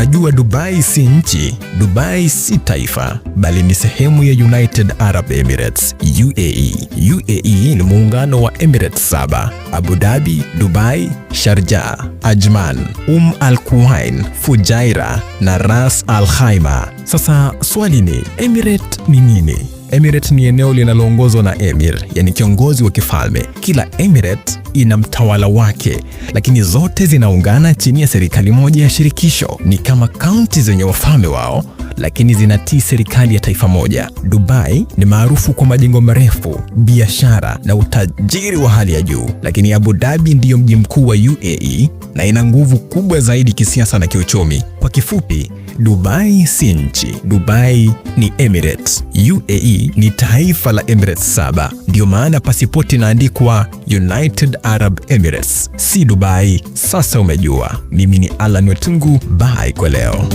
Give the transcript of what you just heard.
Unajua, Dubai si nchi, Dubai si taifa, bali ni sehemu ya United Arab Emirates UAE. UAE ni muungano wa Emirates saba: Abu Dhabi, Dubai, Sharjah, Ajman, Um Al Quwain, Fujairah na Ras Al Khaimah. Sasa swali ni Emirate ni nini? Emirate ni eneo linaloongozwa na emir, yani kiongozi wa kifalme. Kila emirate ina mtawala wake, lakini zote zinaungana chini ya serikali moja ya shirikisho. Ni kama kaunti zenye wafalme wao lakini zinatii serikali ya taifa moja. Dubai ni maarufu kwa majengo marefu, biashara na utajiri wa hali ya juu, lakini Abu Dhabi ndiyo mji mkuu wa UAE na ina nguvu kubwa zaidi kisiasa na kiuchumi. Kwa kifupi, Dubai si nchi, Dubai ni Emirates. UAE ni taifa la Emirates saba. Ndiyo maana pasipoti inaandikwa United Arab Emirates, si Dubai. Sasa umejua. Mimi ni Alan Wetungu, bye kwa leo.